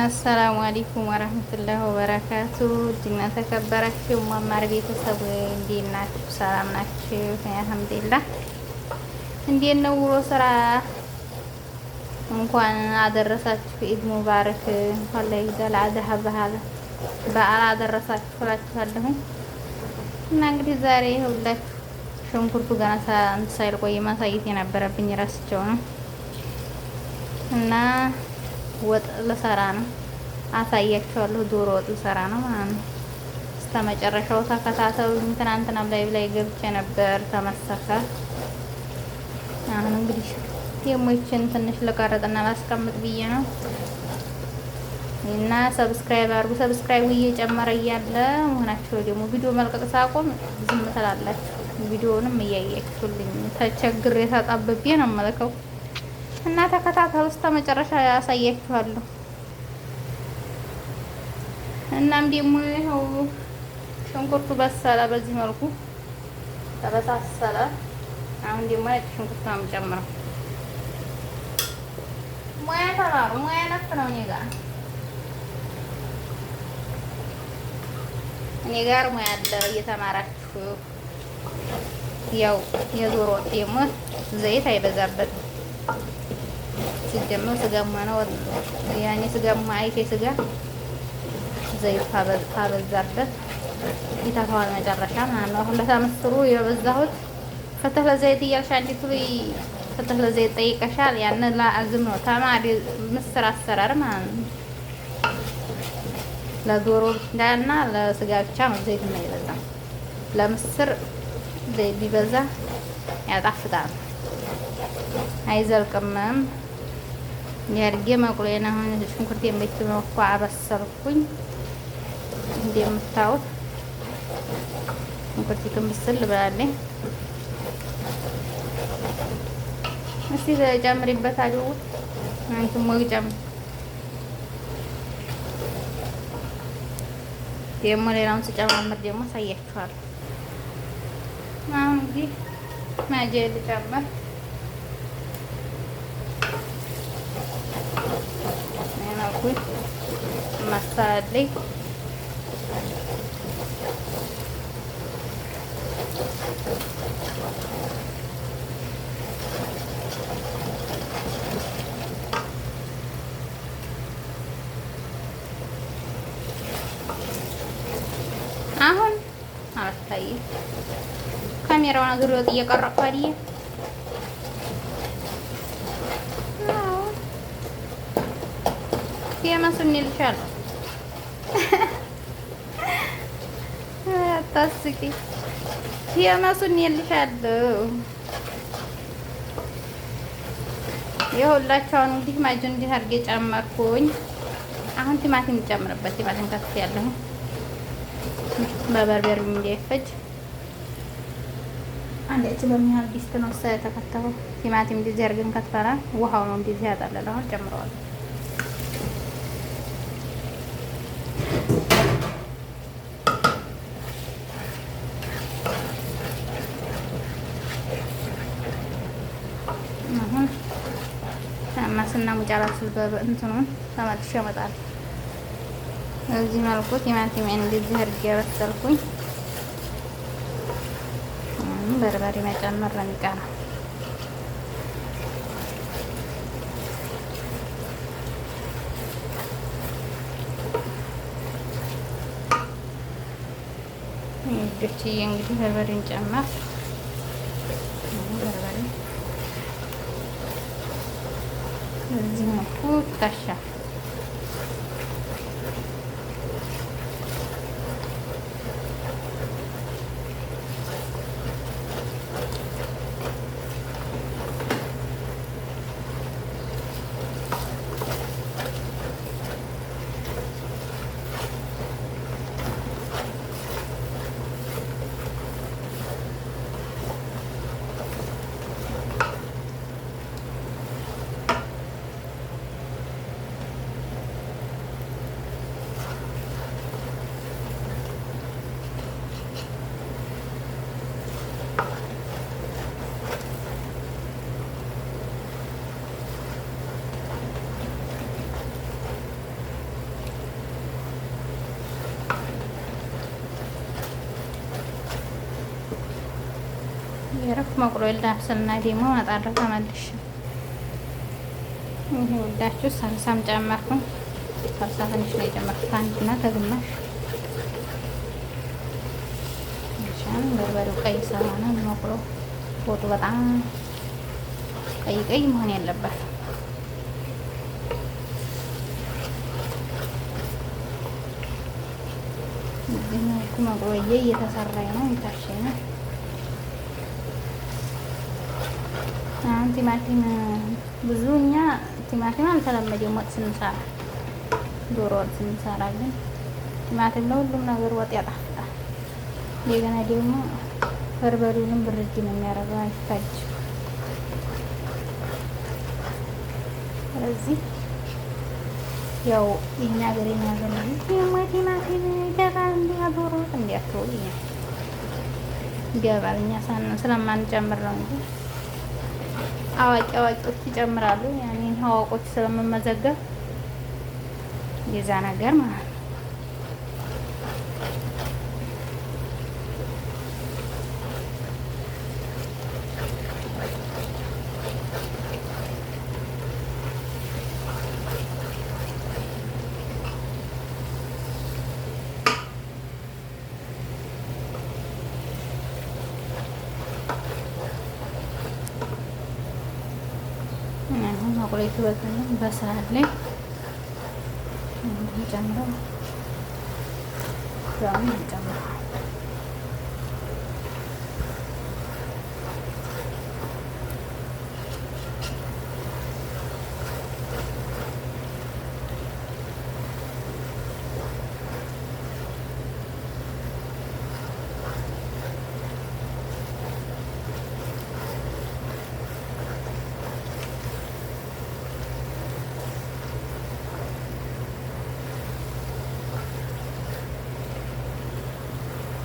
አሰላሙ አለይኩም ወረህመቱላሂ ወበረካቱ። እጅና ተከበራችሁ ማማር ቤተሰብ እንዴት ናችሁ? ሰላም ናችሁ? አልሐምዱሊላህ። እንዴት ነው ውሎ ስራ? እንኳን አደረሳችሁ ኢድ ሙባረክ። እንኳን ለኢደል አድሃ በዓል አደረሳችሁ እላችኋለሁኝ። እና እንግዲህ ዛሬ ሁላችሁ ሽንኩርቱ ገና ሳይልቆይ ማሳየት የነበረብኝ ረስቸው ነው እና ወጥ ልሰራ ነው። አሳያችኋለሁ። ዶሮ ወጥ ልሰራ ነው ማለት ነው። እስከ መጨረሻው ተከታተሉኝ። ትናንትናም ላይ ላይ ገብቼ ነበር ተመሰከ። አሁን እንግዲህ ደግሞ ይችን ትንሽ ልቀረጥና ላስቀምጥ ብዬ ነው እና ሰብስክራይብ አድርጉ። ሰብስክራይብ እየጨመረ እያለ መሆናችሁ ደግሞ ቪዲዮ መልቀቅ ሳቆም ዝም ትላላችሁ። ቪዲዮውንም እያያችሁልኝ ተቸግሬ ተጣብቤ ነው የምልከው። እና ተከታተሉ እስከ መጨረሻ ያሳያችኋለሁ። እናም ደግሞ ይኸው ሽንኩርቱ በሰለ፣ በዚህ መልኩ ተበሳሰለ። አሁን ደግሞ ነጭ ሽንኩርት ነው የምጨምረው። ሙያ ተማሩ፣ ሙያ ነፍ ነው እኔ ጋር እኔ ጋር ሙያ አለ እየተማራችሁ። ያው የዞሮ ወጥ ደግሞ ዘይት አይበዛበትም። ሲጀመር ስጋማ ወጥ ያኔ ስጋማ አይቴ ስጋ ዘይት ካበዛበት ይተፋዋል መጨረሻ ማለት ነው። አሁን ለታመስሩ የበዛሁት ፈተህ ለዘይት እያልሽ አንዲቱ ፈተህ ለዘይት ጠይቀሻል። ያን ለአዝም ነው ተማሪ ምስር አሰራር ማለት ነው። ለዶሮ እንዳና ለስጋ ብቻ ነው ዘይት የማይበዛ። ለምስር ዘይት ቢበዛ ያጣፍጣል፣ አይዘልቅምም። ያድርጌ መቁሌን አሁን ሽንኩርት የምትመ እኮ አበሰልኩኝ። እንደምታዩት ሽንኩርት ክምብስል ብላለኝ። እስቲ ጨምሪበት አለው አንቺም ወግ ጨምሪ። ደግሞ ሌላውን ስጨማምር ደግሞ አሳያችኋለሁ። አሁን እንግዲህ ማጀ ልጨምር አረኩኝ ማሳለይ አሁን አላስታይም ካሜራውን አግሮ እየቀረቀ አይደል የመስሉ እልሻለሁ። አታስቂ የመስሉ እልሻለሁ። የሁላቸውን እንግዲህ ማጁን እንዲህ አድርጌ ጨመርኩኝ። አሁን ቲማቲም ጨምርበት። ቲማቲም ከፍ ያለሁ በበርበሬም እንዳይፈጅ አንድ እጭ በሚሆን ዲስት ነው ተከተፈው። ቲማቲም እንዲዚህ አድርገን ከትፈናል። ውሃው ነው እንዲዚህ ያጠለለ አሁን ጨምረዋለሁ። ይቻላል ስል በእንትኑን ተመልሼ እመጣለሁ። እዚህ መልኩ ቲማቲሜን እንደዚህ አድርጌ በርበሬ መጨመር ነው የሚቀረው። እንግዲህ በርበሬን ጨመር Coisinha puta chata. ከፍ መቁሎዬን ላብስልና ደግሞ አጣለሁ ተመልሼ። ይህ ወዳችሁ ሳልሳም ጨመርኩ። ሳልሳ ትንሽ ነው የጨመርኩት፣ አንድና ተግማሽ ሻን በርበሬው ቀይ ስለሆነ መቁሎ ወጡ በጣም ቀይ ቀይ መሆን ያለበት እዚህ መልኩ መቁሎዬ እየተሰራኝ ነው የታሸኝ አሁን ቲማቲም ብዙ እኛ ቲማቲም አልተለመደም። ወጥ ስንሰራ ዶሮ ወጥ ስንሰራ ግን ቲማቲም ለሁሉም ነገር ወጥ ያጣፍጣል። እንደገና ደግሞ በርበሬውንም ብርጅ ነው የሚያደርገው፣ አይታጅም። ስለዚህ ያው የኛ ሀገር የኛ ሀገር ቲማቲም ይገባል ዶሮ ወጥ ይገባል እኛ ሳን ስለማንጨምር ነው እንጂ አዋቂ አዋቂዎች ይጨምራሉ። ያኔ አዋቆች ስለምመዘገብ የዛ ነገር ማለት ነው። ላይ ትወጣለን። በሰዓት ላይ ጨምረው ጨምረው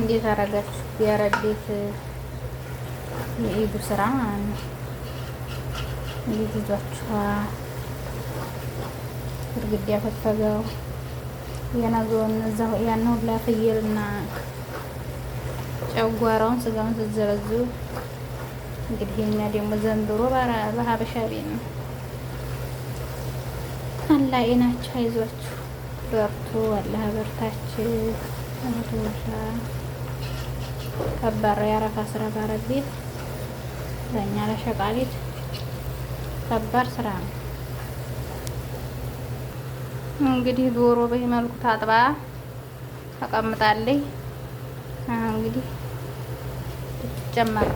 እንዴት አረጋችሁ? ያረቤት የኢዱ ስራ ማለት ነው። እንዴት ይዟችኋል? እርግድ ያፈገፈገው የነገውን ያን ሁላ ፍየልና ጨጓራውን ስጋውን ስትዘረዝሩ እንግዲህ የኛ ደግሞ ዘንድሮ በሀበሻ ቤት ነው። አላህ ጤናችሁ አይዟችሁ፣ በርቱ። አላህ በርታችሁ። ከባድ የአረፋ ስራ ባረብ ቤት ለእኛ ለሸቃሊት ከባድ ስራ ነው። እንግዲህ ዶሮ በይ መልኩ ታጥባ ተቀምጣለች። እንግዲህ ጨመር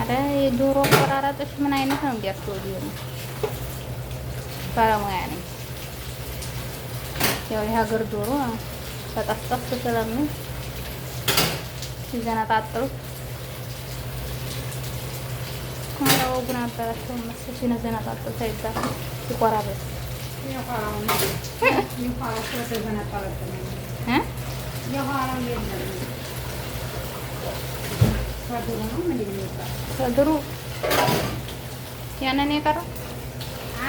አረ የዶሮ አቆራረጥሽ ምን አይነት ነው? እንዲያስወዲ para mga ani. Yung hagar dulu ah. Patastas ko sa lamin. Sisa na tatlo. Kung araw ko na pala siya, mas sinasa na tatlo sa ita. Si Kuarabes. Yung parang, yung parang sa sisa na pala siya. Eh? Yung parang yun Sa duro naman, malinita. Sa duro. Yan na niya karo.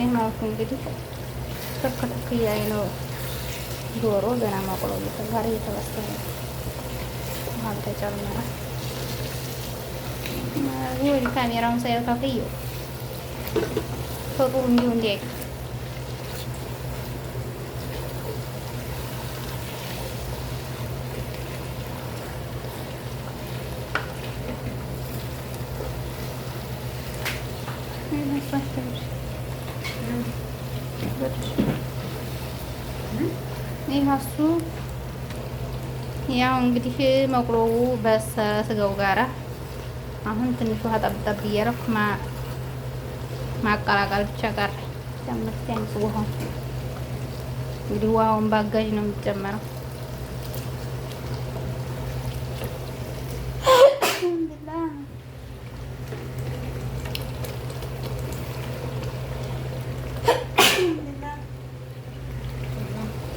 ይህ መልኩ እንግዲህ ትክትክ እያለ ነው ዶሮ ገና ማቁሎ እየተባረ እየተበሰለ ውሃም ተጨመረ። ወዲህ ካሜራውን ሳይከፍየው ፈጡሩ እንዲሁ እንዲያይ ሀሱ ያው እንግዲህ መቁሎው በስጋው ጋራ አሁን ትንሽ ውሃ ጠብጠብ እያደረኩ ማቀላቀል ብቻ ቀረ። ጨምርት ውሃው እንግዲህ ውሃውን ባጋዥ ነው የሚጨመረው።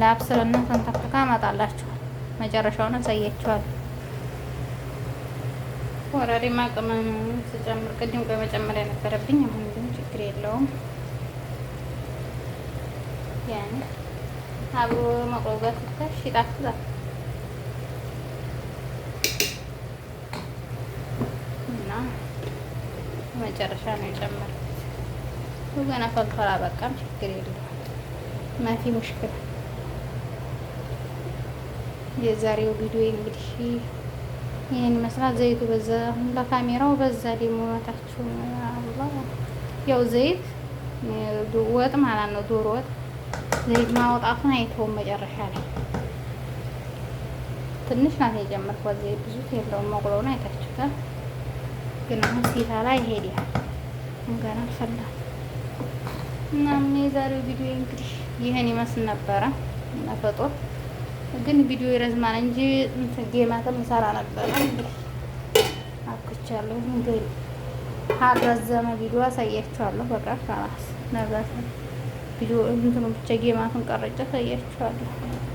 ለአብስልና ተንተክካ አመጣላችኋል። መጨረሻውን አሳያችኋል። ወረሪማ ቅመም ስጨምር ቅድም በመጨመሪያ ነበረብኝ። የነበረብኝ አሁን ግን ችግር የለውም። ያን አብሮ መቆጋት ብታሽ ይጣፍጣል። እና መጨረሻ ነው የጨመርኩት። ገና ፈልፈላ በቃም ችግር የለውም። ማፊ ሙሽክል የዛሬው ቪዲዮ እንግዲህ ይህን መስራት ዘይቱ በዛ ለካሜራው በዛ ደግሞ መታችሁ ያው ዘይት ወጥ ማለት ነው። ዶሮ ወጥ ዘይት ማውጣቱን አይተውም መጨረሻ ላይ ትንሽ ናት የጨመርኳት ዘይት ብዙ የለውም። መቁለውን አይታችሁታል። ግን አሁን ሲታ ላይ ይሄድ ያህል እንገና አልፈላም እና የዛሬው ቪዲዮ እንግዲህ ይህን ይመስል ነበረ ነፈጦ ግን ቪዲዮ ይረዝማል እንጂ ጌማትም ሰራ ነበረ። አኩቻለሁ እንግዲህ ረዘመ ቪዲዮ አሳያችኋለሁ። በቃ ካላስ ነገር ቪዲዮ እንትኑ ብቻ ጌማቱን ቀረጫ አሳያችኋለሁ።